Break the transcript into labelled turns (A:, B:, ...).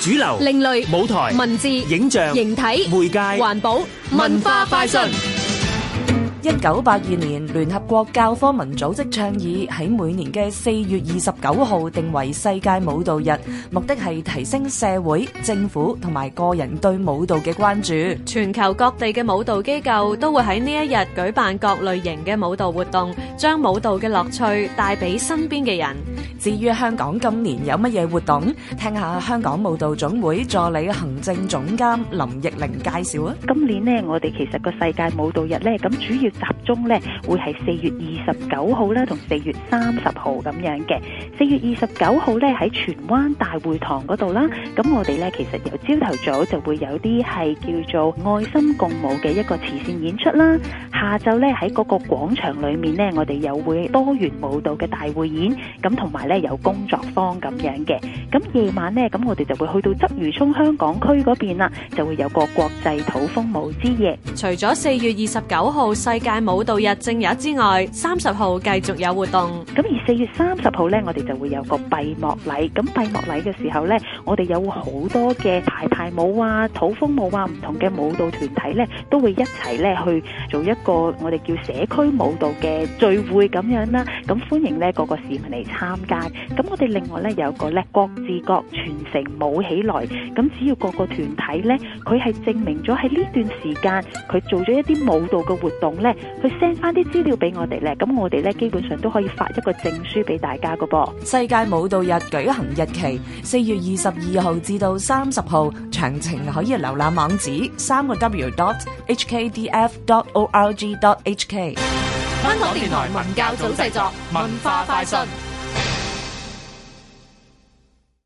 A: 主流、另類、舞台、文字、影像、形體、媒介、環保、文化、快訊。1982年聯合國教科文組織倡議喺每年嘅4月29號，定為世界舞蹈日，目的係提升社會政府同埋個人對舞蹈嘅關注。
B: 全球各地嘅舞蹈機構都會喺呢一日舉辦各類型嘅舞蹈活動，將舞蹈嘅樂趣帶俾身邊嘅人。
A: 至於香港今年有乜嘢活動？聽一下香港舞蹈總會助理行政總監林奕玲介紹啊。今年呢，我哋
C: 其實個世界舞蹈日呢，咁主要集中咧，會係四月二十九號啦，同四月三十號咁樣嘅。四月二十九號咧喺荃灣大會堂嗰度啦，咁我哋咧其實由朝頭早就會有啲係叫做愛心共舞嘅一個慈善演出啦。下晝咧喺嗰個廣場裏面呢，我哋又會多元舞蹈嘅大會演，咁同埋咧有工作坊咁樣嘅。咁夜晚呢，咁我哋就會去到鰂魚涌香港區嗰邊啦，就會有個國際土風舞
B: 之夜。除咗四月二十九號界舞蹈日正日之外，三十號繼續有活動。
C: 咁而四月三十號咧，我哋就會有個閉幕禮。咁閉幕禮嘅時候咧，我哋有好多嘅排排舞啊、土風舞啊、唔同嘅舞蹈團體咧，都會一齊咧去做一個我哋叫社區舞蹈嘅聚會咁樣啦。咁歡迎咧，各個市民嚟參加。咁我哋另外咧有個咧，各自各全城舞起來。咁只要各個團體咧，佢係證明咗喺呢段時間佢做咗一啲舞蹈嘅活動咧。佢 send 翻啲資料俾我哋咧，咁我哋咧基本上都可以發一個證書俾大家噶噃。世界舞蹈日舉行日期四月二十二
A: 號至到三十號，詳情可以瀏覽網址三個 w dot hkdf dot org dot hk。
C: 香港電台文教組製作
A: 文化快訊。